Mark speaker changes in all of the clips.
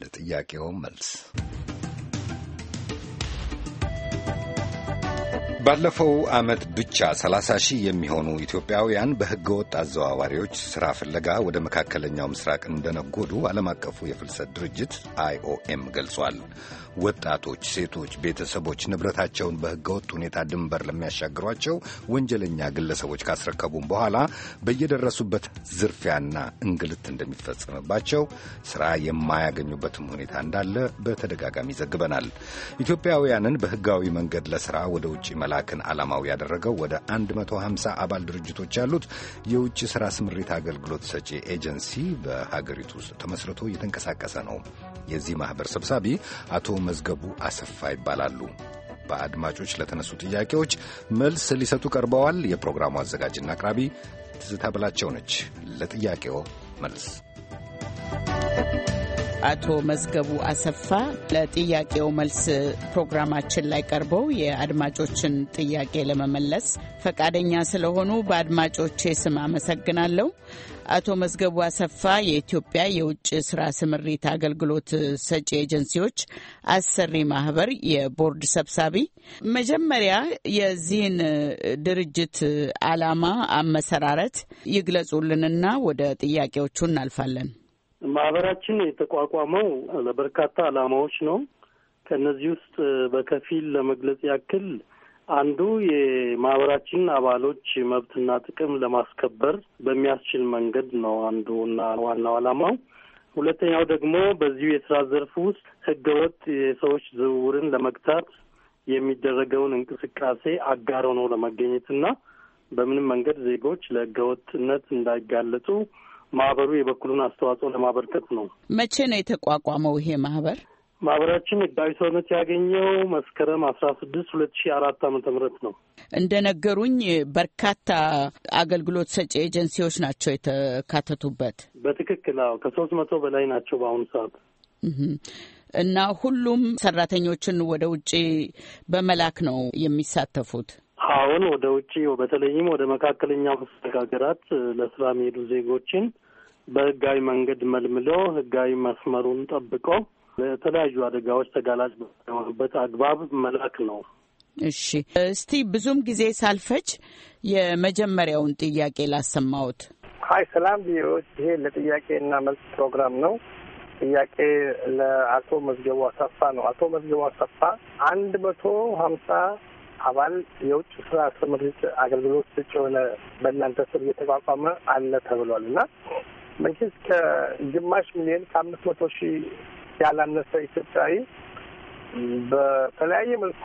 Speaker 1: ለጥያቄው መልስ ባለፈው ዓመት ብቻ 30 ሺህ የሚሆኑ ኢትዮጵያውያን ወጥ አዘዋዋሪዎች ሥራ ፍለጋ ወደ መካከለኛው ምስራቅ እንደነጎዱ ዓለም አቀፉ የፍልሰት ድርጅት አይኦኤም ገልጿል። ወጣቶች፣ ሴቶች፣ ቤተሰቦች ንብረታቸውን ወጥ ሁኔታ ድንበር ለሚያሻግሯቸው ወንጀለኛ ግለሰቦች ካስረከቡም በኋላ በየደረሱበት ዝርፊያና እንግልት እንደሚፈጸምባቸው፣ ሥራ የማያገኙበትም ሁኔታ እንዳለ በተደጋጋሚ ዘግበናል። ኢትዮጵያውያንን በሕጋዊ መንገድ ለሥራ ወደ ውጭ ውጭ መላክን ዓላማው ያደረገው ወደ 150 አባል ድርጅቶች ያሉት የውጭ ሥራ ስምሪት አገልግሎት ሰጪ ኤጀንሲ በሀገሪቱ ውስጥ ተመስርቶ እየተንቀሳቀሰ ነው። የዚህ ማኅበር ሰብሳቢ አቶ መዝገቡ አሰፋ ይባላሉ። በአድማጮች ለተነሱ ጥያቄዎች መልስ ሊሰጡ ቀርበዋል። የፕሮግራሙ አዘጋጅና አቅራቢ ትዝታ ብላቸው ነች። ለጥያቄው
Speaker 2: መልስ አቶ መዝገቡ አሰፋ ለጥያቄው መልስ ፕሮግራማችን ላይ ቀርበው የአድማጮችን ጥያቄ ለመመለስ ፈቃደኛ ስለሆኑ በአድማጮቼ ስም አመሰግናለሁ። አቶ መዝገቡ አሰፋ የኢትዮጵያ የውጭ ስራ ስምሪት አገልግሎት ሰጪ ኤጀንሲዎች አሰሪ ማህበር የቦርድ ሰብሳቢ፣ መጀመሪያ የዚህን ድርጅት ዓላማ አመሰራረት ይግለጹልንና ወደ ጥያቄዎቹ እናልፋለን።
Speaker 3: ማህበራችን የተቋቋመው ለበርካታ አላማዎች ነው። ከእነዚህ ውስጥ በከፊል ለመግለጽ ያክል አንዱ የማህበራችን አባሎች መብትና ጥቅም ለማስከበር በሚያስችል መንገድ ነው አንዱና ዋናው አላማው ሁለተኛው ደግሞ በዚሁ የስራ ዘርፍ ውስጥ ህገወጥ የሰዎች ዝውውርን ለመግታት የሚደረገውን እንቅስቃሴ አጋር ሆኖ ለመገኘትና በምንም መንገድ ዜጎች ለህገወጥነት እንዳይጋለጡ ማህበሩ የበኩሉን አስተዋጽኦ ለማበርከት ነው።
Speaker 2: መቼ ነው የተቋቋመው ይሄ ማህበር?
Speaker 3: ማህበራችን ህጋዊ ሰውነት ያገኘው መስከረም አስራ ስድስት ሁለት ሺ አራት አመተ ምህረት ነው።
Speaker 2: እንደነገሩኝ በርካታ አገልግሎት ሰጪ ኤጀንሲዎች ናቸው የተካተቱበት።
Speaker 3: በትክክል አዎ፣ ከሶስት መቶ በላይ ናቸው በአሁኑ ሰዓት
Speaker 2: እና ሁሉም ሰራተኞችን ወደ ውጭ በመላክ ነው የሚሳተፉት።
Speaker 3: አሁን ወደ ውጭ በተለይም ወደ መካከለኛ ምስራቅ ሀገራት ለስራ የሚሄዱ ዜጎችን በህጋዊ መንገድ መልምሎ ህጋዊ መስመሩን ጠብቆ ለተለያዩ አደጋዎች ተጋላጭ በሆኑበት አግባብ መላክ ነው።
Speaker 2: እሺ፣ እስቲ ብዙም ጊዜ ሳልፈጅ የመጀመሪያውን ጥያቄ ላሰማሁት።
Speaker 4: ሀይ፣ ሰላም ቢሮዎች፣ ይሄ ለጥያቄ እና መልስ ፕሮግራም ነው። ጥያቄ ለአቶ መዝገቡ አሰፋ ነው። አቶ መዝገቡ አሰፋ አንድ መቶ ሀምሳ አባል የውጭ ስራ ስምሪት አገልግሎት ስጭ የሆነ በእናንተ ስር እየተቋቋመ አለ ተብሏል እና መንግስት ከግማሽ ሚሊዮን ከአምስት መቶ ሺህ ያላነሰ ኢትዮጵያዊ በተለያየ መልኩ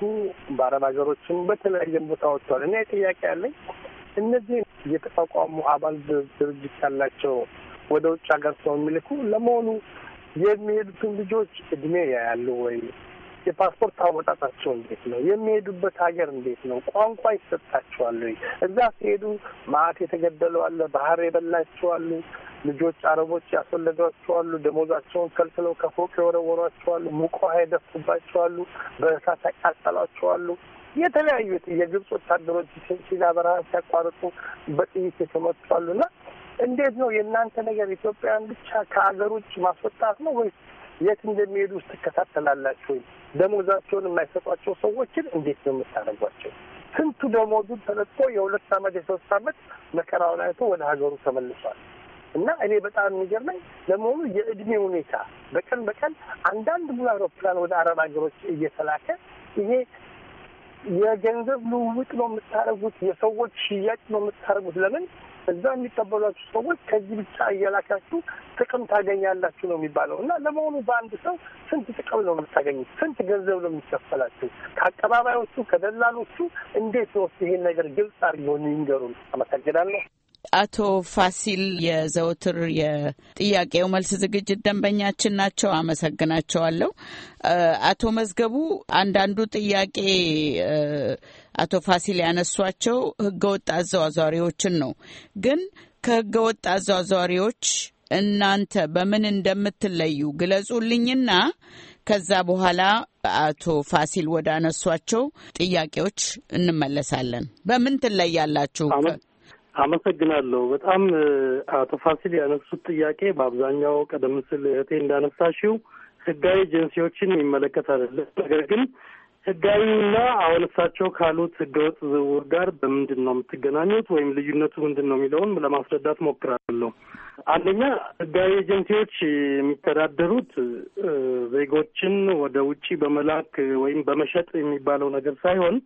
Speaker 4: በአረብ ሀገሮችም በተለያየ ቦታ ወጥቷል። እና ጥያቄ ያለኝ እነዚህ የተቋቋሙ አባል ድርጅት ያላቸው ወደ ውጭ ሀገር ሰው የሚልኩ ለመሆኑ የሚሄዱትን ልጆች እድሜ ያያሉ ወይ? የፓስፖርት አወጣጣቸው እንዴት ነው? የሚሄዱበት ሀገር እንዴት ነው? ቋንቋ ይሰጣቸዋል ወይ? እዛ ሲሄዱ ማት የተገደሉ አለ፣ ባህር የበላቸው አሉ፣ ልጆች አረቦች ያስወለዷቸዋሉ። ደሞዛቸውን ከልክለው ከፎቅ የወረወሯቸዋሉ። ሙቅ ውሃ የደፉባቸዋሉ። በእሳት ያቃጠሏቸዋሉ። የተለያዩ የግብፅ ወታደሮች ሲና በረሃ ሲያቋርጡ በጥይት የተመቷሉ። እና እንዴት ነው የእናንተ ነገር? ኢትዮጵያን ብቻ ከሀገር ውጭ ማስወጣት ነው ወይስ የት እንደሚሄዱ ውስጥ ትከታተላላችሁ? ደሞዛቸውን የማይሰጧቸው ሰዎችን እንዴት ነው የምታደርጓቸው? ስንቱ ደሞዙን ተለጥቶ የሁለት አመት የሶስት አመት መከራውን አይቶ ወደ ሀገሩ ተመልሷል። እና እኔ በጣም የሚገርመኝ ለመሆኑ የእድሜ ሁኔታ በቀን በቀን አንዳንድ ሙሉ አውሮፕላን ወደ አረብ ሀገሮች እየተላከ ይሄ የገንዘብ ልውውጥ ነው የምታደርጉት፣ የሰዎች ሽያጭ ነው የምታደርጉት። ለምን እዛ የሚቀበሏችሁ ሰዎች ከዚህ ብቻ እየላካችሁ ጥቅም ታገኛላችሁ ነው የሚባለው። እና ለመሆኑ በአንድ ሰው ስንት ጥቅም ነው የምታገኙት? ስንት ገንዘብ ነው የሚከፈላችሁ? ከአቀባባዮቹ ከደላሎቹ እንዴት ነው ይሄን ነገር ግልጽ አድርገው ይንገሩን። አመሰግናለሁ።
Speaker 2: አቶ ፋሲል የዘወትር የጥያቄው መልስ ዝግጅት ደንበኛችን ናቸው። አመሰግናቸዋለሁ። አቶ መዝገቡ አንዳንዱ ጥያቄ አቶ ፋሲል ያነሷቸው ህገወጥ አዘዋዋሪዎችን ነው። ግን ከህገወጥ አዘዋዋሪዎች እናንተ በምን እንደምትለዩ ግለጹልኝና ከዛ በኋላ አቶ ፋሲል ወደ አነሷቸው ጥያቄዎች እንመለሳለን። በምን ትለያላችሁ?
Speaker 3: አመሰግናለሁ። በጣም አቶ ፋሲል ያነሱት ጥያቄ በአብዛኛው ቀደም ሲል እህቴ እንዳነሳሽው ህጋዊ ኤጀንሲዎችን የሚመለከት አይደለም። ነገር ግን ህጋዊና አሁን እሳቸው ካሉት ህገወጥ ዝውውር ጋር በምንድን ነው የምትገናኙት ወይም ልዩነቱ ምንድን ነው የሚለውን ለማስረዳት ሞክራለሁ። አንደኛ ህጋዊ ኤጀንሲዎች የሚተዳደሩት ዜጎችን ወደ ውጪ በመላክ ወይም በመሸጥ የሚባለው ነገር ሳይሆን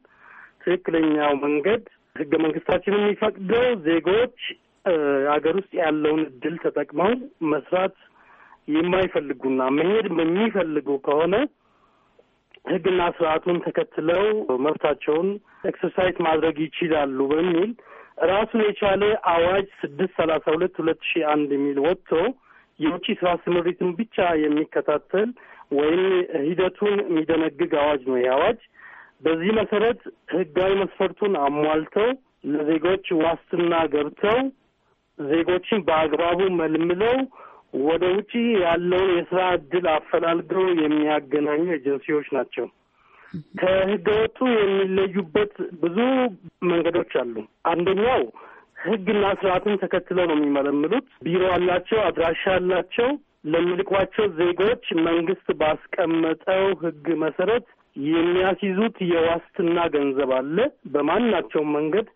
Speaker 3: ትክክለኛው መንገድ ህገ መንግስታችን የሚፈቅደው ዜጎች አገር ውስጥ ያለውን እድል ተጠቅመው መስራት የማይፈልጉና መሄድ የሚፈልጉ ከሆነ ህግና ስርዓቱን ተከትለው መብታቸውን ኤክሰርሳይዝ ማድረግ ይችላሉ በሚል ራሱን የቻለ አዋጅ ስድስት ሰላሳ ሁለት ሁለት ሺ አንድ የሚል ወጥቶ የውጭ ስራ ስምሪትን ብቻ የሚከታተል ወይም ሂደቱን የሚደነግግ አዋጅ ነው። ይህ አዋጅ በዚህ መሰረት ህጋዊ መስፈርቱን አሟልተው ለዜጎች ዋስትና ገብተው ዜጎችን በአግባቡ መልምለው ወደ ውጪ ያለውን የስራ እድል አፈላልገው የሚያገናኙ ኤጀንሲዎች ናቸው። ከህገወጡ የሚለዩበት ብዙ መንገዶች አሉ። አንደኛው ህግና ስርዓትን ተከትለው ነው የሚመለምሉት። ቢሮ አላቸው፣ አድራሻ አላቸው። ለሚልኳቸው ዜጎች መንግስት ባስቀመጠው ህግ መሰረት የሚያስይዙት የዋስትና ገንዘብ አለ። በማናቸውም መንገድ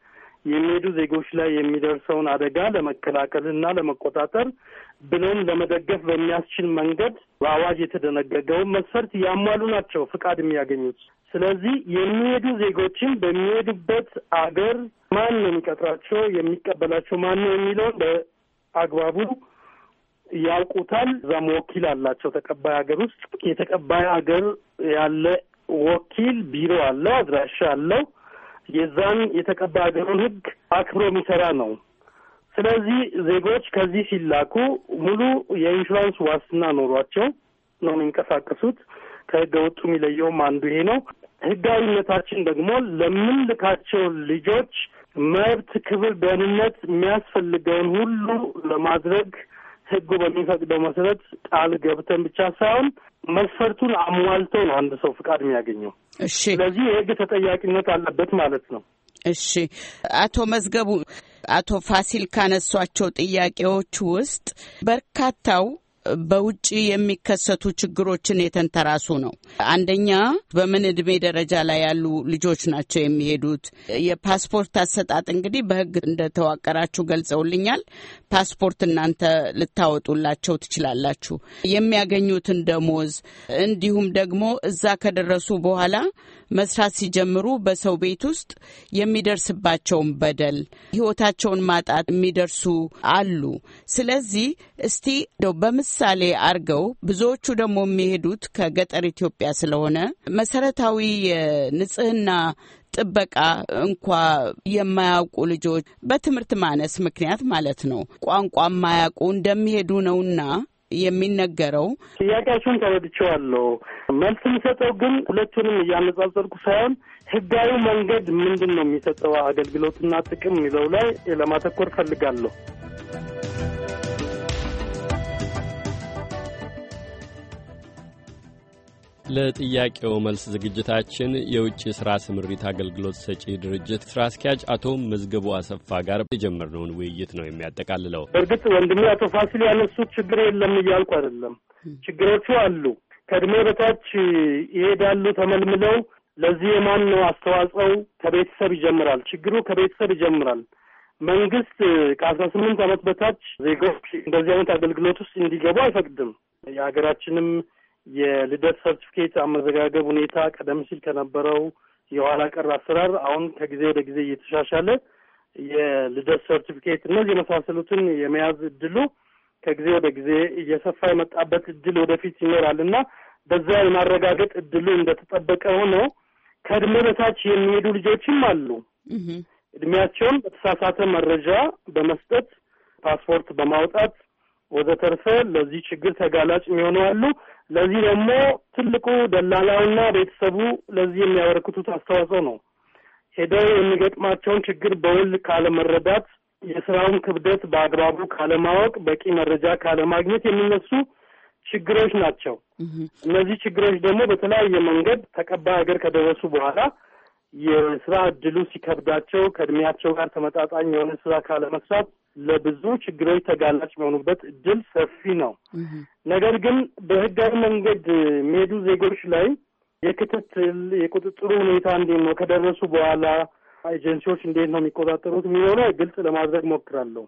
Speaker 3: የሚሄዱ ዜጎች ላይ የሚደርሰውን አደጋ ለመከላከልና ለመቆጣጠር ብለን ለመደገፍ በሚያስችል መንገድ በአዋጅ የተደነገገውን መስፈርት ያሟሉ ናቸው ፍቃድ የሚያገኙት። ስለዚህ የሚሄዱ ዜጎችን በሚሄዱበት አገር ማን ነው የሚቀጥራቸው፣ የሚቀበላቸው ማን ነው የሚለውን በአግባቡ ያውቁታል። እዛም ወኪል አላቸው ተቀባይ ሀገር ውስጥ የተቀባይ ሀገር ያለ ወኪል ቢሮ አለው፣ አድራሻ አለው። የዛን የተቀባ ሀገሩን ህግ አክብሮ የሚሰራ ነው። ስለዚህ ዜጎች ከዚህ ሲላኩ ሙሉ የኢንሹራንስ ዋስትና ኖሯቸው ነው የሚንቀሳቀሱት። ከህገ ወጡ የሚለየውም አንዱ ይሄ ነው። ህጋዊነታችን ደግሞ ለምንልካቸው ልጆች መብት፣ ክብር፣ ደህንነት የሚያስፈልገውን ሁሉ ለማድረግ ህጉ በሚፈቅደው መሰረት ቃል ገብተን ብቻ ሳይሆን መስፈርቱን አሟልቶ ነው አንድ ሰው ፍቃድ የሚያገኘው። እሺ፣ ስለዚህ የህግ ተጠያቂነት አለበት ማለት ነው።
Speaker 2: እሺ፣ አቶ መዝገቡ፣ አቶ ፋሲል ካነሷቸው ጥያቄዎች ውስጥ በርካታው በውጭ የሚከሰቱ ችግሮችን የተንተራሱ ነው። አንደኛ በምን እድሜ ደረጃ ላይ ያሉ ልጆች ናቸው የሚሄዱት? የፓስፖርት አሰጣጥ እንግዲህ በህግ እንደተዋቀራችሁ ገልጸውልኛል። ፓስፖርት እናንተ ልታወጡላቸው ትችላላችሁ። የሚያገኙትን ደሞዝ እንዲሁም ደግሞ እዛ ከደረሱ በኋላ መስራት ሲጀምሩ በሰው ቤት ውስጥ የሚደርስባቸውን በደል፣ ህይወታቸውን ማጣት የሚደርሱ አሉ። ስለዚህ እስቲ እንደው በምሳሌ አርገው ብዙዎቹ ደግሞ የሚሄዱት ከገጠር ኢትዮጵያ ስለሆነ መሰረታዊ የንጽህና ጥበቃ እንኳ የማያውቁ ልጆች በትምህርት ማነስ ምክንያት ማለት ነው ቋንቋ የማያውቁ እንደሚሄዱ ነውና የሚነገረው።
Speaker 3: ጥያቄያችሁን ተረድቼዋለሁ። መልስ የሚሰጠው ግን ሁለቱንም እያነጻጸርኩ ሳይሆን ህጋዊ መንገድ ምንድን ነው የሚሰጠው አገልግሎትና ጥቅም የሚለው ላይ ለማተኮር ፈልጋለሁ።
Speaker 5: ለጥያቄው መልስ ዝግጅታችን የውጭ ሥራ ስምሪት አገልግሎት ሰጪ ድርጅት ሥራ አስኪያጅ አቶ መዝገቡ አሰፋ ጋር የጀመርነውን ውይይት ነው የሚያጠቃልለው። እርግጥ ወንድሜ አቶ
Speaker 3: ፋሲል ያነሱት ችግር የለም እያልኩ አይደለም። ችግሮቹ አሉ። ከእድሜ በታች ይሄዳሉ ተመልምለው። ለዚህ የማን ነው አስተዋጽኦው? ከቤተሰብ ይጀምራል። ችግሩ ከቤተሰብ ይጀምራል። መንግስት ከአስራ ስምንት ዓመት በታች ዜጎች እንደዚህ አይነት አገልግሎት ውስጥ እንዲገቡ አይፈቅድም። የሀገራችንም የልደት ሰርቲፊኬት አመዘጋገብ ሁኔታ ቀደም ሲል ከነበረው የኋላ ቀር አሰራር አሁን ከጊዜ ወደ ጊዜ እየተሻሻለ የልደት ሰርቲፊኬት እነዚህ የመሳሰሉትን የመያዝ እድሉ ከጊዜ ወደ ጊዜ እየሰፋ የመጣበት እድል ወደፊት ይኖራል እና በዛ የማረጋገጥ እድሉ እንደተጠበቀ ሆኖ ከእድሜ በታች የሚሄዱ ልጆችም አሉ። እድሜያቸውን በተሳሳተ መረጃ በመስጠት ፓስፖርት በማውጣት ወዘተርፈ ለዚህ ችግር ተጋላጭ የሚሆኑ አሉ። ለዚህ ደግሞ ትልቁ ደላላውና ቤተሰቡ ለዚህ የሚያበረክቱት አስተዋጽኦ ነው። ሄደው የሚገጥማቸውን ችግር በውል ካለመረዳት፣ የስራውን ክብደት በአግባቡ ካለማወቅ፣ በቂ መረጃ ካለማግኘት የሚነሱ ችግሮች ናቸው። እነዚህ ችግሮች ደግሞ በተለያየ መንገድ ተቀባይ ሀገር ከደረሱ በኋላ የስራ እድሉ ሲከብዳቸው ከእድሜያቸው ጋር ተመጣጣኝ የሆነ ስራ ካለመስራት ለብዙ ችግሮች ተጋላጭ የሚሆኑበት እድል ሰፊ ነው። ነገር ግን በህጋዊ መንገድ የሚሄዱ ዜጎች ላይ የክትትል የቁጥጥሩ ሁኔታ እንዴት ነው ከደረሱ በኋላ ኤጀንሲዎች እንዴት ነው የሚቆጣጠሩት የሚሆነ ግልጽ ለማድረግ ሞክራለሁ።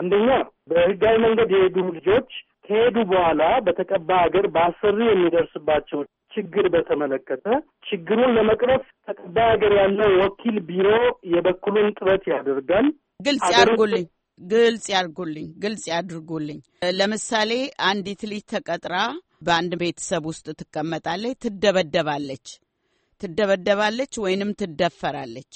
Speaker 3: አንደኛ በህጋዊ መንገድ የሄዱ ልጆች ከሄዱ በኋላ በተቀባ ሀገር በአሰሪ የሚደርስባቸው ችግር በተመለከተ ችግሩን ለመቅረፍ ተቀባይ ሀገር ያለው ወኪል ቢሮ የበኩሉን ጥረት ያደርጋል።
Speaker 2: ግልጽ ያርጉልኝ። ግልጽ ያድርጉልኝ፣ ግልጽ ያድርጉልኝ። ለምሳሌ አንዲት ልጅ ተቀጥራ በአንድ ቤተሰብ ውስጥ ትቀመጣለች፣ ትደበደባለች ትደበደባለች ወይንም ትደፈራለች።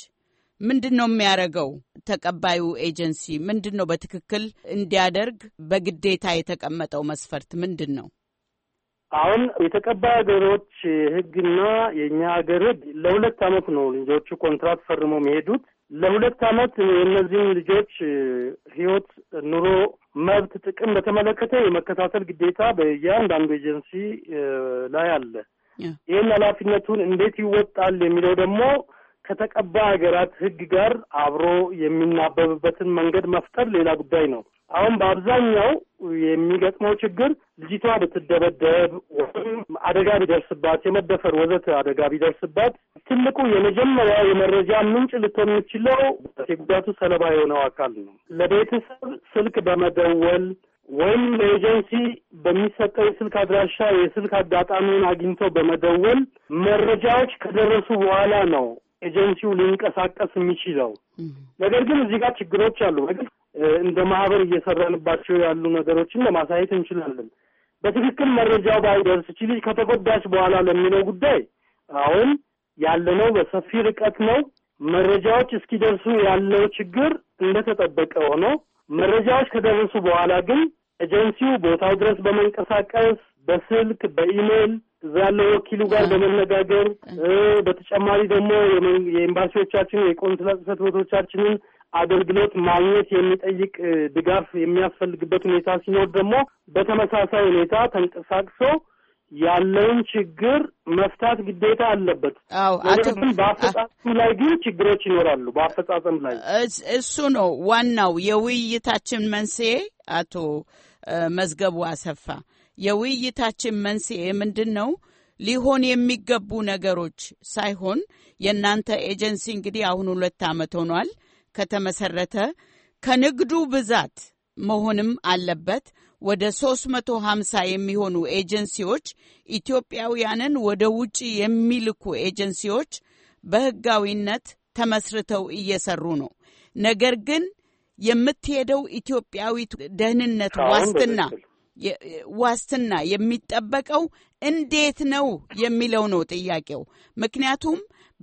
Speaker 2: ምንድን ነው የሚያደርገው? ተቀባዩ ኤጀንሲ ምንድን ነው በትክክል እንዲያደርግ በግዴታ የተቀመጠው መስፈርት ምንድን ነው?
Speaker 3: አሁን የተቀባይ ሀገሮች ሕግና የእኛ ሀገር ሕግ ለሁለት ዓመት ነው ልጆቹ ኮንትራት ፈርሞ የሚሄዱት ለሁለት ዓመት የእነዚህን ልጆች ህይወት፣ ኑሮ፣ መብት፣ ጥቅም በተመለከተ የመከታተል ግዴታ በእያንዳንዱ ኤጀንሲ ላይ አለ። ይህን ኃላፊነቱን እንዴት ይወጣል የሚለው ደግሞ ከተቀባ ሀገራት ህግ ጋር አብሮ የሚናበብበትን መንገድ መፍጠር ሌላ ጉዳይ ነው። አሁን በአብዛኛው የሚገጥመው ችግር ልጅቷ ብትደበደብ ወይም አደጋ ቢደርስባት የመደፈር ወዘተ አደጋ ቢደርስባት ትልቁ የመጀመሪያ የመረጃ ምንጭ ልትሆን የምችለው የጉዳቱ ሰለባ የሆነው አካል ነው። ለቤተሰብ ስልክ በመደወል ወይም ለኤጀንሲ በሚሰጠው የስልክ አድራሻ የስልክ አጋጣሚውን አግኝተው በመደወል መረጃዎች ከደረሱ በኋላ ነው ኤጀንሲው ሊንቀሳቀስ የሚችለው። ነገር ግን እዚህ ጋር ችግሮች አሉ። እንደ ማህበር እየሰራንባቸው ያሉ ነገሮችን ለማሳየት እንችላለን። በትክክል መረጃው ባይደርስ እቺ ልጅ ከተጎዳች በኋላ ለሚለው ጉዳይ አሁን ያለነው በሰፊ ርቀት ነው። መረጃዎች እስኪደርሱ ያለው ችግር እንደተጠበቀ ሆኖ መረጃዎች ከደረሱ በኋላ ግን ኤጀንሲው ቦታው ድረስ በመንቀሳቀስ በስልክ በኢሜይል እዛ ያለው ወኪሉ ጋር በመነጋገር በተጨማሪ ደግሞ የኤምባሲዎቻችን የቆንስላ ጽሕፈት ቤቶቻችንን አገልግሎት ማግኘት የሚጠይቅ ድጋፍ የሚያስፈልግበት ሁኔታ ሲኖር ደግሞ በተመሳሳይ ሁኔታ ተንቀሳቅሶ ያለውን ችግር መፍታት ግዴታ አለበት።
Speaker 2: አዎ፣ ግን
Speaker 3: በአፈጻጸም ላይ ግን ችግሮች ይኖራሉ። በአፈጻጸም ላይ
Speaker 2: እሱ ነው ዋናው የውይይታችን መንስኤ። አቶ መዝገቡ አሰፋ፣ የውይይታችን መንስኤ ምንድን ነው? ሊሆን የሚገቡ ነገሮች ሳይሆን የእናንተ ኤጀንሲ እንግዲህ አሁን ሁለት ዓመት ሆኗል ከተመሰረተ ከንግዱ ብዛት መሆንም አለበት። ወደ 350 የሚሆኑ ኤጀንሲዎች ኢትዮጵያውያንን ወደ ውጭ የሚልኩ ኤጀንሲዎች በህጋዊነት ተመስርተው እየሰሩ ነው። ነገር ግን የምትሄደው ኢትዮጵያዊት ደህንነት ዋስትና ዋስትና የሚጠበቀው እንዴት ነው የሚለው ነው ጥያቄው። ምክንያቱም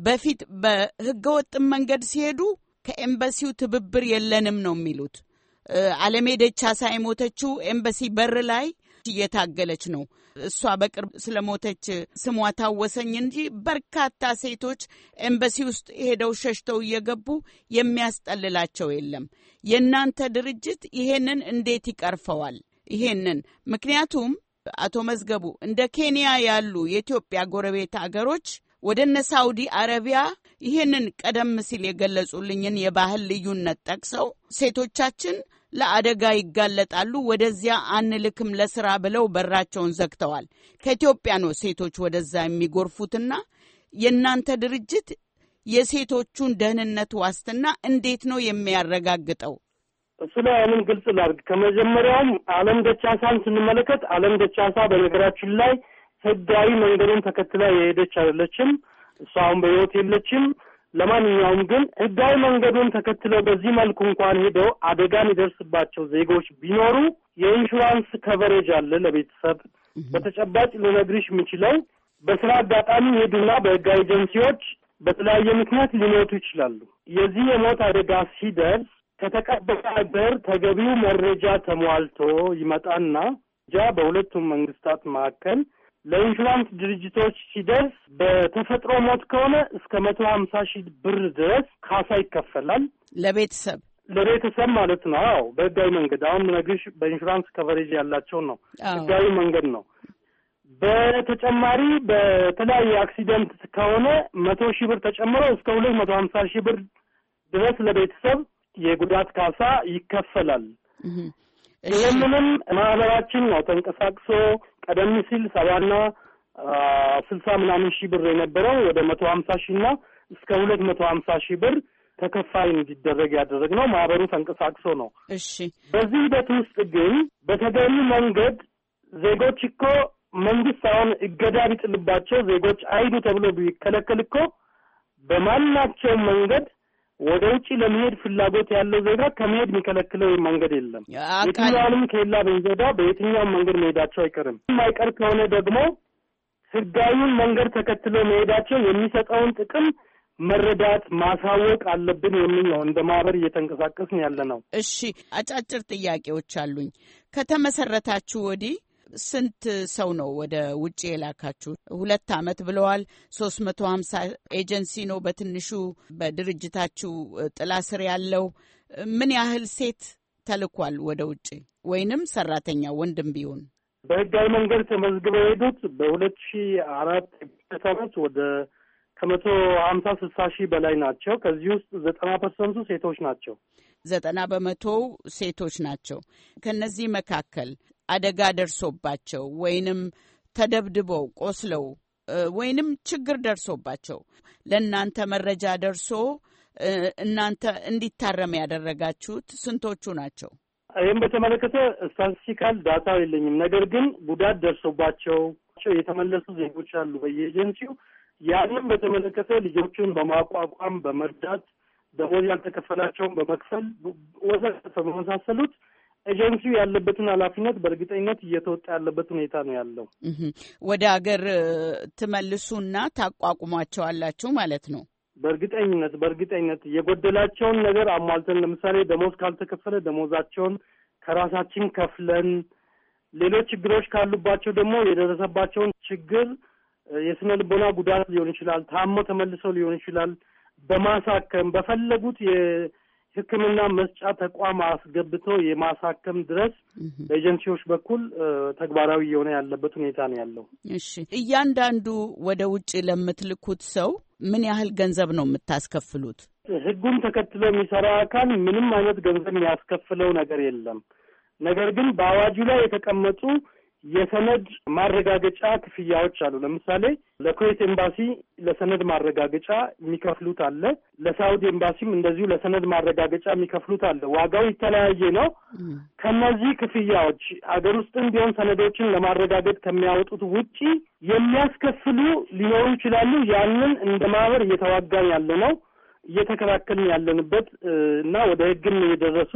Speaker 2: በፊት በሕገወጥም መንገድ ሲሄዱ ከኤምባሲው ትብብር የለንም ነው የሚሉት። አለሜ ደቻሳ የሞተችው ኤምባሲ በር ላይ እየታገለች ነው። እሷ በቅርብ ስለሞተች ስሟ ታወሰኝ እንጂ በርካታ ሴቶች ኤምባሲ ውስጥ ሄደው ሸሽተው እየገቡ የሚያስጠልላቸው የለም። የእናንተ ድርጅት ይሄንን እንዴት ይቀርፈዋል? ይሄንን ምክንያቱም አቶ መዝገቡ እንደ ኬንያ ያሉ የኢትዮጵያ ጎረቤት አገሮች ወደ ሳውዲ አረቢያ ይህንን ቀደም ሲል የገለጹልኝን የባህል ልዩነት ጠቅሰው ሴቶቻችን ለአደጋ ይጋለጣሉ፣ ወደዚያ አንልክም ለስራ ብለው በራቸውን ዘግተዋል። ከኢትዮጵያ ነው ሴቶች ወደዛ የሚጎርፉትና የእናንተ ድርጅት የሴቶቹን ደህንነት ዋስትና እንዴት ነው የሚያረጋግጠው?
Speaker 3: እሱ ላይ አሁንም ግልጽ ላድርግ። ከመጀመሪያውም አለም ደቻሳን ስንመለከት አለም ደቻሳ በነገራችን ላይ ህጋዊ መንገዱን ተከትላ የሄደች አይደለችም። እሷ አሁን በሕይወት የለችም። ለማንኛውም ግን ህጋዊ መንገዱን ተከትለው በዚህ መልኩ እንኳን ሄደው አደጋ የሚደርስባቸው ዜጎች ቢኖሩ የኢንሹራንስ ከቨሬጅ አለ ለቤተሰብ። በተጨባጭ ልነግርሽ የምችለው በስራ አጋጣሚ ሄዱና በህግ ኤጀንሲዎች በተለያየ ምክንያት ሊሞቱ ይችላሉ። የዚህ የሞት አደጋ ሲደርስ ከተቀበለ ሀገር ተገቢው መረጃ ተሟልቶ ይመጣና ጃ በሁለቱም መንግስታት መካከል ለኢንሹራንስ ድርጅቶች ሲደርስ በተፈጥሮ ሞት ከሆነ እስከ መቶ ሀምሳ ሺህ ብር ድረስ ካሳ ይከፈላል። ለቤተሰብ ለቤተሰብ ማለት ነው። አዎ በህጋዊ መንገድ አሁን ነግሽ በኢንሹራንስ ከቨሬጅ ያላቸውን ነው። ህጋዊ መንገድ ነው። በተጨማሪ በተለያየ አክሲደንት ከሆነ መቶ ሺህ ብር ተጨምሮ እስከ ሁለት መቶ ሀምሳ ሺህ ብር ድረስ ለቤተሰብ የጉዳት ካሳ ይከፈላል። ይህንንም ማህበራችን ነው ተንቀሳቅሶ ቀደም ሲል ሰባና ስልሳ ምናምን ሺህ ብር የነበረው ወደ መቶ ሀምሳ ሺህ እና እስከ ሁለት መቶ ሀምሳ ሺህ ብር ተከፋይ እንዲደረግ ያደረግ ነው። ማህበሩ ተንቀሳቅሶ ነው። እሺ። በዚህ ሂደት ውስጥ ግን በተገቢ መንገድ ዜጎች እኮ መንግስት አሁን እገዳ ቢጥልባቸው ዜጎች አይዱ ተብሎ ቢከለከል እኮ በማናቸውም መንገድ ወደ ውጭ ለመሄድ ፍላጎት ያለው ዜጋ ከመሄድ የሚከለክለው መንገድ የለም።
Speaker 2: የትኛውንም
Speaker 3: ኬላ ብንዘጋ በየትኛውም መንገድ መሄዳቸው አይቀርም። የማይቀር ከሆነ ደግሞ ህጋዊን መንገድ ተከትሎ መሄዳቸው የሚሰጠውን ጥቅም መረዳት ማሳወቅ አለብን የሚል ነው። እንደ ማህበር እየተንቀሳቀስን ያለ ነው።
Speaker 2: እሺ፣ አጫጭር ጥያቄዎች አሉኝ። ከተመሰረታችሁ ወዲህ ስንት ሰው ነው ወደ ውጭ የላካችሁ? ሁለት አመት ብለዋል። ሶስት መቶ ሀምሳ ኤጀንሲ ነው በትንሹ በድርጅታችሁ ጥላ ስር ያለው። ምን ያህል ሴት ተልኳል ወደ ውጭ ወይንም ሰራተኛ ወንድም ቢሆን?
Speaker 3: በህጋዊ መንገድ ተመዝግበው የሄዱት በሁለት ሺ አራት ዓመት ወደ ከመቶ ሀምሳ ስልሳ ሺህ በላይ ናቸው። ከዚህ ውስጥ ዘጠና ፐርሰንቱ ሴቶች ናቸው።
Speaker 2: ዘጠና በመቶው ሴቶች ናቸው። ከእነዚህ መካከል አደጋ ደርሶባቸው ወይንም ተደብድበው ቆስለው ወይንም ችግር ደርሶባቸው ለእናንተ መረጃ ደርሶ እናንተ እንዲታረም ያደረጋችሁት ስንቶቹ ናቸው?
Speaker 3: ይህም በተመለከተ ስታቲስቲካል ዳታ የለኝም። ነገር ግን ጉዳት ደርሶባቸው የተመለሱ ዜጎች አሉ በየኤጀንሲው። ያንም በተመለከተ ልጆቹን በማቋቋም በመርዳት ደሞዝ ያልተከፈላቸውን በመክፈል ወዘተ በመሳሰሉት ኤጀንሲው ያለበትን ኃላፊነት በእርግጠኝነት
Speaker 2: እየተወጣ ያለበት ሁኔታ ነው ያለው። ወደ ሀገር ትመልሱና ታቋቁሟቸዋላችሁ ማለት ነው።
Speaker 3: በእርግጠኝነት በእርግጠኝነት የጎደላቸውን ነገር አሟልተን፣ ለምሳሌ ደሞዝ ካልተከፈለ ደሞዛቸውን ከራሳችን ከፍለን፣ ሌሎች ችግሮች ካሉባቸው ደግሞ የደረሰባቸውን ችግር የስነ ልቦና ጉዳት ሊሆን ይችላል፣ ታሞ ተመልሰው ሊሆን ይችላል፣ በማሳከም በፈለጉት ሕክምና መስጫ ተቋም አስገብቶ የማሳከም ድረስ በኤጀንሲዎች በኩል ተግባራዊ እየሆነ ያለበት ሁኔታ ነው ያለው።
Speaker 2: እሺ፣ እያንዳንዱ ወደ ውጭ ለምትልኩት ሰው ምን ያህል ገንዘብ ነው የምታስከፍሉት?
Speaker 3: ሕጉን ተከትሎ የሚሰራ አካል ምንም አይነት ገንዘብ የሚያስከፍለው ነገር የለም። ነገር ግን በአዋጁ ላይ የተቀመጡ የሰነድ ማረጋገጫ ክፍያዎች አሉ። ለምሳሌ ለኩዌት ኤምባሲ ለሰነድ ማረጋገጫ የሚከፍሉት አለ። ለሳውዲ ኤምባሲም እንደዚሁ ለሰነድ ማረጋገጫ የሚከፍሉት አለ። ዋጋው የተለያየ ነው። ከነዚህ ክፍያዎች አገር ውስጥም ቢሆን ሰነዶችን ለማረጋገጥ ከሚያወጡት ውጪ የሚያስከፍሉ ሊኖሩ ይችላሉ። ያንን እንደ ማህበር እየተዋጋን ያለ ነው እየተከላከልን ያለንበት እና ወደ ህግም የደረሱ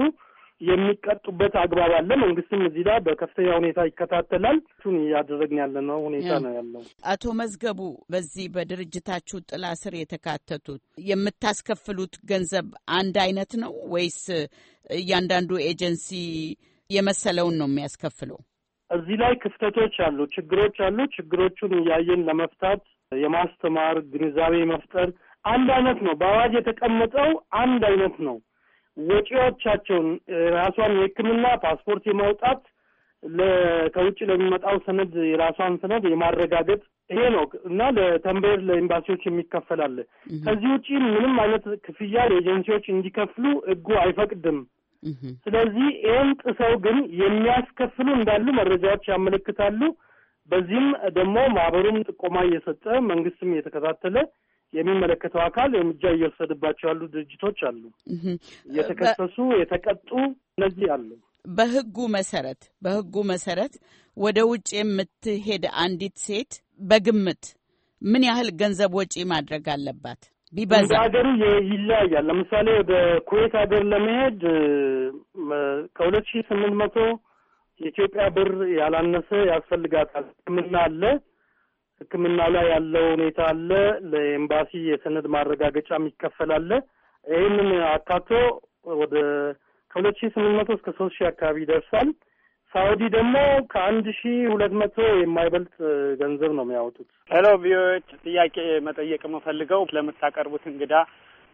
Speaker 3: የሚቀጡበት አግባብ አለ። መንግስትም እዚህ ላይ በከፍተኛ ሁኔታ ይከታተላል። እሱን እያደረግን ያለ ነው ሁኔታ ነው ያለው።
Speaker 2: አቶ መዝገቡ፣ በዚህ በድርጅታችሁ ጥላ ስር የተካተቱት የምታስከፍሉት ገንዘብ አንድ አይነት ነው ወይስ እያንዳንዱ ኤጀንሲ የመሰለውን ነው የሚያስከፍለው?
Speaker 3: እዚህ ላይ ክፍተቶች አሉ፣ ችግሮች አሉ። ችግሮቹን እያየን ለመፍታት የማስተማር ግንዛቤ መፍጠር አንድ አይነት ነው። በአዋጅ የተቀመጠው አንድ አይነት ነው። ወጪዎቻቸውን የራሷን የሕክምና ፓስፖርት የማውጣት ከውጭ ለሚመጣው ሰነድ የራሷን ሰነድ የማረጋገጥ ይሄ ነው እና ለተንበር ለኤምባሲዎች የሚከፈላል። ከዚህ ውጪ ምንም አይነት ክፍያ ለኤጀንሲዎች እንዲከፍሉ እጉ አይፈቅድም። ስለዚህ ይህን ጥሰው ግን የሚያስከፍሉ እንዳሉ መረጃዎች ያመለክታሉ። በዚህም ደግሞ ማህበሩም ጥቆማ እየሰጠ መንግስትም እየተከታተለ የሚመለከተው አካል እርምጃ እየወሰድባቸው ያሉ ድርጅቶች አሉ፣ እየተከሰሱ
Speaker 2: የተቀጡ እነዚህ አሉ። በህጉ መሰረት በህጉ መሰረት ወደ ውጭ የምትሄድ አንዲት ሴት በግምት ምን ያህል ገንዘብ ወጪ ማድረግ አለባት? ቢበዛ ሀገሩ
Speaker 3: ይለያያል። ለምሳሌ ወደ ኩዌት ሀገር ለመሄድ ከሁለት ሺህ ስምንት መቶ የኢትዮጵያ ብር ያላነሰ ያስፈልጋታል። ህክምና አለ ሕክምና ላይ ያለው ሁኔታ አለ። ለኤምባሲ የሰነድ ማረጋገጫ የሚከፈል አለ። ይህንን አካቶ ወደ ከሁለት ሺ ስምንት መቶ እስከ ሶስት ሺህ አካባቢ ይደርሳል። ሳውዲ ደግሞ ከአንድ ሺ ሁለት መቶ የማይበልጥ ገንዘብ ነው የሚያወጡት። ሄሎ ቪዮች ጥያቄ
Speaker 5: መጠየቅ የምፈልገው ለምታቀርቡት እንግዳ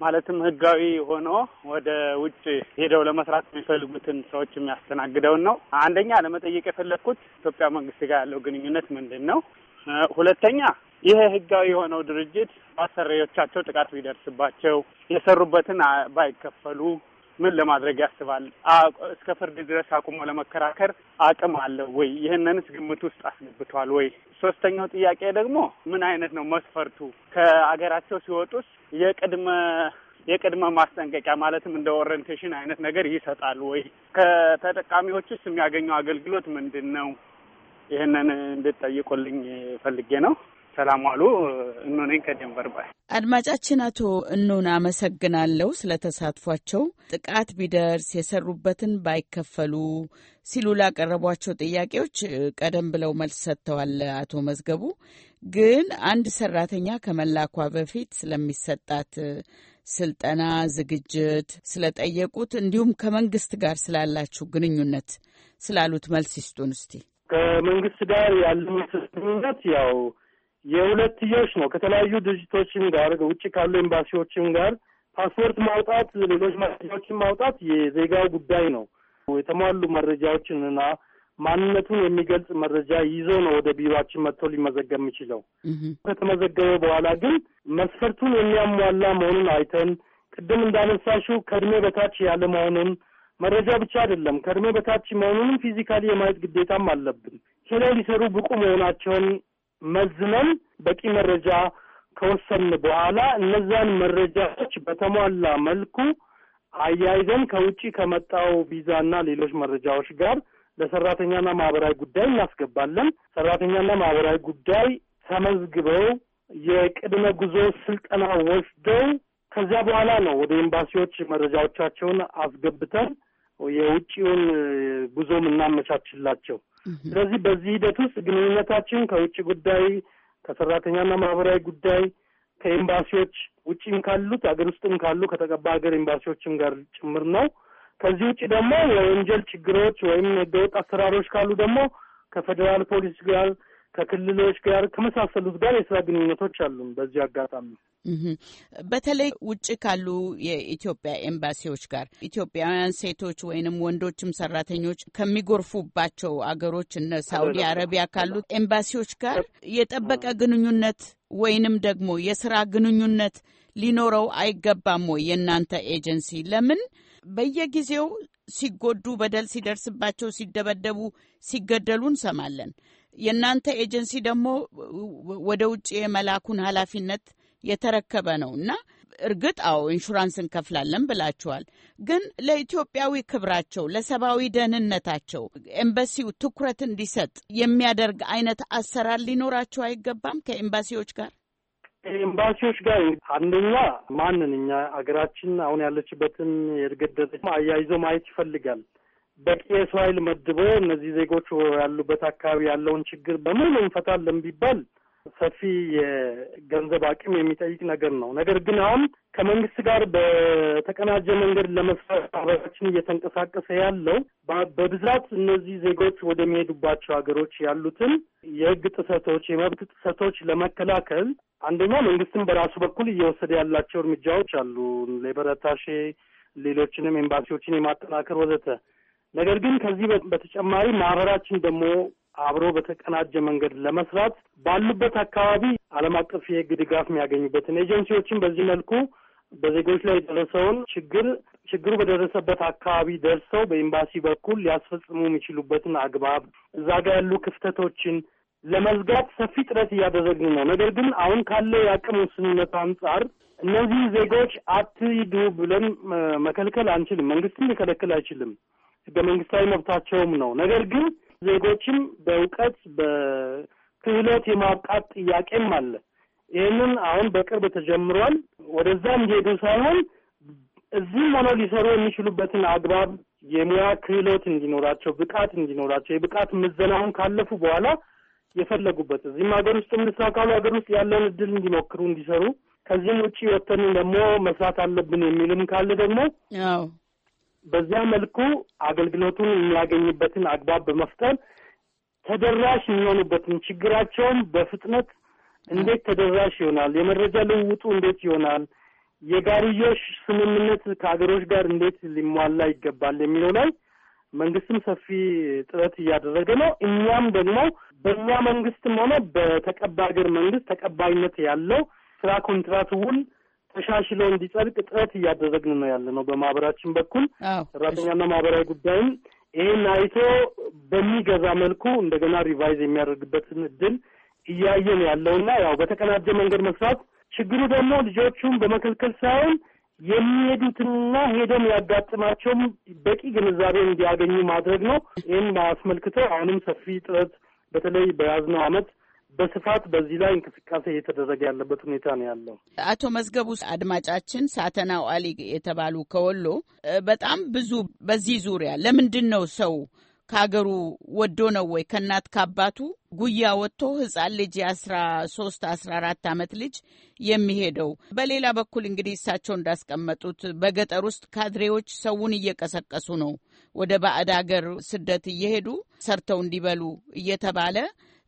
Speaker 5: ማለትም ህጋዊ ሆኖ ወደ ውጭ ሄደው ለመስራት የሚፈልጉትን ሰዎች የሚያስተናግደውን ነው። አንደኛ ለመጠየቅ የፈለግኩት ኢትዮጵያ መንግስት ጋር ያለው ግንኙነት ምንድን ነው? ሁለተኛ ይሄ ህጋዊ የሆነው ድርጅት አሰሪዎቻቸው ጥቃት ቢደርስባቸው የሰሩበትን ባይከፈሉ ምን ለማድረግ ያስባል? እስከ ፍርድ ድረስ አቁሞ ለመከራከር አቅም አለው ወይ? ይህንንስ ግምት ውስጥ አስገብቷል ወይ? ሶስተኛው ጥያቄ ደግሞ ምን አይነት ነው መስፈርቱ? ከአገራቸው ሲወጡስ የቅድመ የቅድመ ማስጠንቀቂያ ማለትም እንደ ኦሪንቴሽን አይነት ነገር ይሰጣል ወይ? ከተጠቃሚዎቹስ የሚያገኘው አገልግሎት ምንድን ነው? ይህንን እንድጠይቁልኝ ፈልጌ ነው። ሰላም አሉ እኑ ነኝ ከደንበር ባይ
Speaker 2: አድማጫችን አቶ እኑን አመሰግናለሁ ስለ ተሳትፏቸው። ጥቃት ቢደርስ የሰሩበትን ባይከፈሉ ሲሉ ላቀረቧቸው ጥያቄዎች ቀደም ብለው መልስ ሰጥተዋል አቶ መዝገቡ። ግን አንድ ሰራተኛ ከመላኳ በፊት ስለሚሰጣት ስልጠና ዝግጅት ስለጠየቁት፣ እንዲሁም ከመንግስት ጋር ስላላችሁ ግንኙነት ስላሉት መልስ ይስጡን እስቲ። ከመንግስት
Speaker 3: ጋር ያለው ስምምነት ያው የሁለትዮሽ ነው። ከተለያዩ ድርጅቶችም ጋር ውጭ ካሉ ኤምባሲዎችም ጋር ፓስፖርት ማውጣት፣ ሌሎች መረጃዎችን ማውጣት የዜጋው ጉዳይ ነው። የተሟሉ መረጃዎችንና ማንነቱን የሚገልጽ መረጃ ይዞ ነው ወደ ቢሮችን መጥቶ ሊመዘገብ የሚችለው። ከተመዘገበ በኋላ ግን መስፈርቱን የሚያሟላ መሆኑን አይተን ቅድም እንዳነሳሽው ከእድሜ በታች ያለ መሆኑን መረጃ ብቻ አይደለም፣ ከእድሜ በታች መሆኑንም ፊዚካሊ የማየት ግዴታም አለብን። ስለ ሊሰሩ ብቁ መሆናቸውን መዝነን በቂ መረጃ ከወሰን በኋላ እነዛን መረጃዎች በተሟላ መልኩ አያይዘን ከውጭ ከመጣው ቪዛና ሌሎች መረጃዎች ጋር ለሰራተኛና ማህበራዊ ጉዳይ እናስገባለን። ሰራተኛና ማህበራዊ ጉዳይ ተመዝግበው የቅድመ ጉዞ ስልጠና ወስደው ከዚያ በኋላ ነው ወደ ኤምባሲዎች መረጃዎቻቸውን አስገብተን የውጭውን ጉዞ የምናመቻችላቸው። ስለዚህ በዚህ ሂደት ውስጥ ግንኙነታችን ከውጭ ጉዳይ፣ ከሰራተኛና ማህበራዊ ጉዳይ፣ ከኤምባሲዎች ውጭም ካሉት አገር ውስጥም ካሉ ከተቀባይ ሀገር ኤምባሲዎችም ጋር ጭምር ነው። ከዚህ ውጭ ደግሞ የወንጀል ችግሮች ወይም ህገወጥ አሰራሮች ካሉ ደግሞ ከፌዴራል ፖሊስ ጋር ከክልሎች ጋር ከመሳሰሉት ጋር የስራ ግንኙነቶች አሉን። በዚህ
Speaker 2: አጋጣሚ በተለይ ውጭ ካሉ የኢትዮጵያ ኤምባሲዎች ጋር ኢትዮጵያውያን ሴቶች ወይንም ወንዶችም ሰራተኞች ከሚጎርፉባቸው አገሮች እነ ሳውዲ አረቢያ ካሉት ኤምባሲዎች ጋር የጠበቀ ግንኙነት ወይንም ደግሞ የስራ ግንኙነት ሊኖረው አይገባም ወይ? የእናንተ ኤጀንሲ ለምን በየጊዜው ሲጎዱ፣ በደል ሲደርስባቸው፣ ሲደበደቡ፣ ሲገደሉ እንሰማለን። የእናንተ ኤጀንሲ ደግሞ ወደ ውጭ የመላኩን ኃላፊነት የተረከበ ነው እና እርግጥ አዎ ኢንሹራንስ እንከፍላለን ብላችኋል። ግን ለኢትዮጵያዊ ክብራቸው፣ ለሰብአዊ ደህንነታቸው ኤምባሲው ትኩረት እንዲሰጥ የሚያደርግ አይነት አሰራር ሊኖራቸው አይገባም ከኤምባሲዎች ጋር
Speaker 3: ኤምባሲዎች ጋር አንደኛ ማንን እኛ ሀገራችን አሁን ያለችበትን የእድገት ደረጃ አያይዞ ማየት ይፈልጋል። በቂ ኃይል መድቦ እነዚህ ዜጎች ያሉበት አካባቢ ያለውን ችግር በሙሉ እንፈታለን ቢባል ሰፊ የገንዘብ አቅም የሚጠይቅ ነገር ነው። ነገር ግን አሁን ከመንግስት ጋር በተቀናጀ መንገድ ለመስራት ማህበራችን እየተንቀሳቀሰ ያለው በብዛት እነዚህ ዜጎች ወደሚሄዱባቸው ሀገሮች ያሉትን የህግ ጥሰቶች፣ የመብት ጥሰቶች ለመከላከል አንደኛ መንግስትም በራሱ በኩል እየወሰደ ያላቸው እርምጃዎች አሉ። ሌበረታሼ ሌሎችንም ኤምባሲዎችን የማጠናከር ወዘተ ነገር ግን ከዚህ በተጨማሪ ማህበራችን ደግሞ አብሮ በተቀናጀ መንገድ ለመስራት ባሉበት አካባቢ ዓለም አቀፍ የህግ ድጋፍ የሚያገኙበትን ኤጀንሲዎችን በዚህ መልኩ በዜጎች ላይ የደረሰውን ችግር ችግሩ በደረሰበት አካባቢ ደርሰው በኤምባሲ በኩል ሊያስፈጽሙ የሚችሉበትን አግባብ እዛ ጋር ያሉ ክፍተቶችን ለመዝጋት ሰፊ ጥረት እያደረግን ነው። ነገር ግን አሁን ካለው የአቅም ውስንነት አንጻር እነዚህ ዜጎች አትሂዱ ብለን መከልከል አንችልም። መንግስትም ሊከለክል አይችልም። ህገ መንግስታዊ መብታቸውም ነው። ነገር ግን ዜጎችም በእውቀት በክህሎት የማብቃት ጥያቄም አለ። ይህንን አሁን በቅርብ ተጀምሯል። ወደዛ እንዲሄዱ ሳይሆን እዚህም ሆነው ሊሰሩ የሚችሉበትን አግባብ የሙያ ክህሎት እንዲኖራቸው፣ ብቃት እንዲኖራቸው የብቃት ምዘናውን ካለፉ በኋላ የፈለጉበት እዚህም ሀገር ውስጥ ልስራ ካሉ ሀገር ውስጥ ያለውን እድል እንዲሞክሩ እንዲሰሩ ከዚህም ውጭ ወተን ደግሞ መስራት አለብን የሚልም ካለ ደግሞ በዚያ መልኩ አገልግሎቱን የሚያገኝበትን አግባብ በመፍጠር ተደራሽ የሚሆኑበትን ችግራቸውን በፍጥነት እንዴት ተደራሽ ይሆናል፣ የመረጃ ልውውጡ እንዴት ይሆናል፣ የጋርዮሽ ስምምነት ከሀገሮች ጋር እንዴት ሊሟላ ይገባል የሚለው ላይ መንግስትም ሰፊ ጥረት እያደረገ ነው። እኛም ደግሞ በእኛ መንግስትም ሆነ በተቀባይ ሀገር መንግስት ተቀባይነት ያለው ስራ ኮንትራት ውል ተሻሽሎ እንዲጸድቅ ጥረት እያደረግን ነው ያለ ነው በማህበራችን በኩል ሰራተኛና ማህበራዊ ጉዳይም ይህን አይቶ በሚገዛ መልኩ እንደገና ሪቫይዝ የሚያደርግበትን እድል እያየን ያለውና ያው በተቀናጀ መንገድ መስራት ችግሩ ደግሞ ልጆቹን በመከልከል ሳይሆን የሚሄዱትንና ሄደን ያጋጥማቸውም በቂ ግንዛቤ እንዲያገኙ ማድረግ ነው። ይህን አስመልክቶ አሁንም ሰፊ ጥረት በተለይ በያዝነው ዓመት በስፋት በዚህ ላይ እንቅስቃሴ እየተደረገ ያለበት ሁኔታ ነው
Speaker 2: ያለው። አቶ መዝገቡ አድማጫችን ሳተናው አሊ የተባሉ ከወሎ በጣም ብዙ በዚህ ዙሪያ ለምንድን ነው ሰው ከሀገሩ ወዶ ነው ወይ ከእናት ከአባቱ ጉያ ወጥቶ ህጻን ልጅ የአስራ ሶስት አስራ አራት አመት ልጅ የሚሄደው? በሌላ በኩል እንግዲህ እሳቸው እንዳስቀመጡት በገጠር ውስጥ ካድሬዎች ሰውን እየቀሰቀሱ ነው ወደ ባዕድ ሀገር ስደት እየሄዱ ሰርተው እንዲበሉ እየተባለ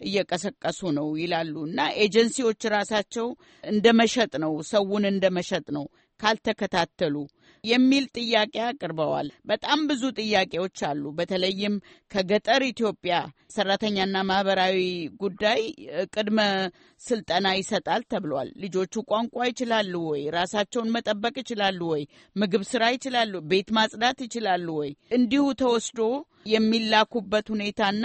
Speaker 2: እየቀሰቀሱ ነው ይላሉ። እና ኤጀንሲዎች ራሳቸው እንደ መሸጥ ነው፣ ሰውን እንደ መሸጥ ነው ካልተከታተሉ የሚል ጥያቄ አቅርበዋል። በጣም ብዙ ጥያቄዎች አሉ። በተለይም ከገጠር ኢትዮጵያ ሰራተኛና ማህበራዊ ጉዳይ ቅድመ ስልጠና ይሰጣል ተብሏል። ልጆቹ ቋንቋ ይችላሉ ወይ? ራሳቸውን መጠበቅ ይችላሉ ወይ? ምግብ ስራ ይችላሉ? ቤት ማጽዳት ይችላሉ ወይ? እንዲሁ ተወስዶ የሚላኩበት ሁኔታና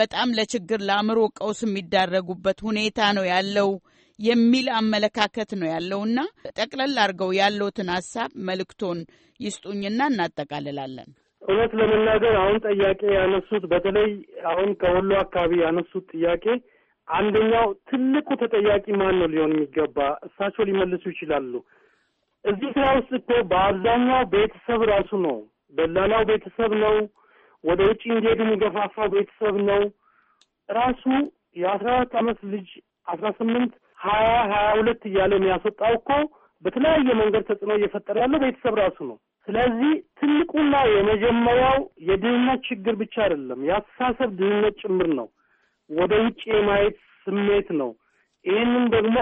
Speaker 2: በጣም ለችግር ለአእምሮ ቀውስ የሚዳረጉበት ሁኔታ ነው ያለው የሚል አመለካከት ነው ያለውና ጠቅለል አድርገው ያለውትን ሀሳብ መልእክቶን ይስጡኝና እናጠቃልላለን።
Speaker 3: እውነት ለመናገር አሁን ጥያቄ ያነሱት በተለይ አሁን ከወሎ አካባቢ ያነሱት ጥያቄ አንደኛው ትልቁ ተጠያቂ ማን ነው ሊሆን የሚገባ እሳቸው ሊመልሱ ይችላሉ። እዚህ ስራ ውስጥ እኮ በአብዛኛው ቤተሰብ ራሱ ነው፣ ደላላው ቤተሰብ ነው፣ ወደ ውጭ እንዲሄዱ የሚገፋፋው ቤተሰብ ነው። ራሱ የአስራ አራት አመት ልጅ አስራ ስምንት ሀያ ሀያ ሁለት እያለ የሚያስወጣው እኮ በተለያየ መንገድ ተጽዕኖ እየፈጠረ ያለው ቤተሰብ ራሱ ነው። ስለዚህ ትልቁና የመጀመሪያው የድህነት ችግር ብቻ አይደለም፣ የአስተሳሰብ ድህነት ጭምር ነው። ወደ ውጭ የማየት ስሜት ነው። ይህንን ደግሞ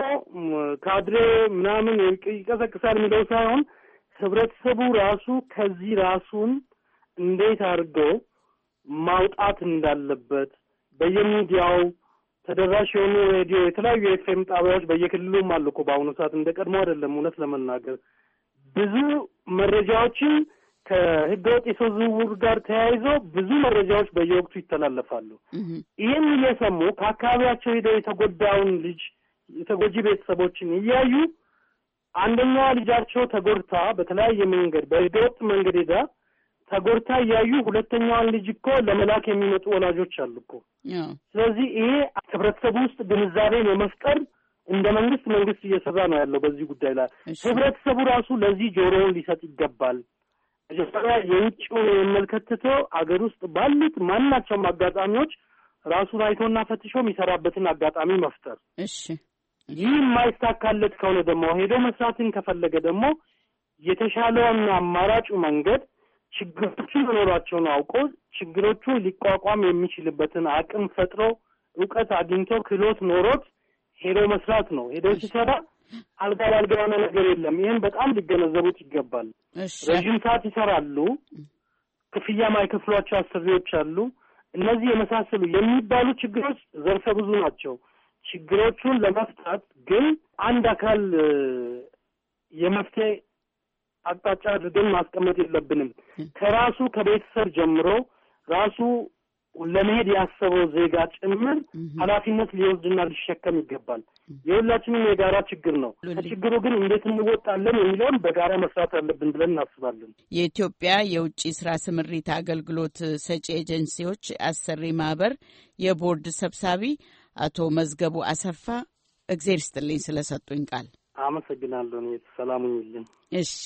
Speaker 3: ካድሬ ምናምን ይቀሰቅሳል የሚለው ሳይሆን ህብረተሰቡ ራሱ ከዚህ ራሱን እንዴት አድርገው ማውጣት እንዳለበት በየሚዲያው ተደራሽ የሆኑ ሬዲዮ የተለያዩ የኤፍኤም ጣቢያዎች በየክልሉም አሉ እኮ በአሁኑ ሰዓት እንደ ቀድሞ አይደለም። እውነት ለመናገር ብዙ መረጃዎችን ወጥ የሰው ዝውውር ጋር ተያይዞ ብዙ መረጃዎች በየወቅቱ ይተላለፋሉ። ይህን እየሰሙ ከአካባቢያቸው ሄደው የተጎዳውን ልጅ የተጎጂ ቤተሰቦችን እያዩ አንደኛዋ ልጃቸው ተጎድታ በተለያየ መንገድ በህገወጥ መንገድ ሄዳ ተጎድታ እያዩ ሁለተኛዋን ልጅ እኮ ለመላክ የሚመጡ ወላጆች አሉ እኮ። ስለዚህ ይሄ ህብረተሰቡ ውስጥ ግንዛቤን የመፍጠር እንደ መንግስት መንግስት እየሰራ ነው ያለው በዚህ ጉዳይ ላይ ህብረተሰቡ ራሱ ለዚህ ጆሮውን ሊሰጥ ይገባል። መጀመሪያ የውጭውን የመልከትቶ አገር ውስጥ ባሉት ማናቸውም አጋጣሚዎች ራሱን አይቶና ፈትሾ የሚሰራበትን አጋጣሚ መፍጠር። እሺ ይህ የማይሳካለት ከሆነ ደግሞ ሄዶ መስራትን ከፈለገ ደግሞ የተሻለውና አማራጩ መንገድ ችግሮቹ መኖራቸውን አውቆ ችግሮቹ ሊቋቋም የሚችልበትን አቅም ፈጥሮ እውቀት አግኝቶ ክህሎት ኖሮት ሄዶ መስራት ነው። ሄዶ ሲሰራ አልጋ ባልጋ የሆነ ነገር የለም። ይህን በጣም ሊገነዘቡት ይገባል። ረዥም ሰዓት ይሰራሉ። ክፍያ ማይከፍሏቸው አሰሪዎች አሉ። እነዚህ የመሳሰሉ የሚባሉ ችግሮች ዘርፈ ብዙ ናቸው። ችግሮቹን ለመፍታት ግን አንድ አካል የመፍትሄ አቅጣጫ አድርገን ማስቀመጥ የለብንም። ከራሱ ከቤተሰብ ጀምሮ ራሱ ለመሄድ ያሰበው ዜጋ ጭምር ኃላፊነት ሊወስድና ሊሸከም ይገባል። የሁላችንም የጋራ ችግር ነው። ከችግሩ ግን እንዴት እንወጣለን የሚለውን በጋራ መስራት አለብን ብለን እናስባለን።
Speaker 2: የኢትዮጵያ የውጭ ስራ ስምሪት አገልግሎት ሰጪ ኤጀንሲዎች አሰሪ ማህበር የቦርድ ሰብሳቢ አቶ መዝገቡ አሰፋ፣ እግዜር ስጥልኝ ስለሰጡኝ ቃል
Speaker 3: አመሰግናለሁ። ሰላሙኝልን።
Speaker 2: እሺ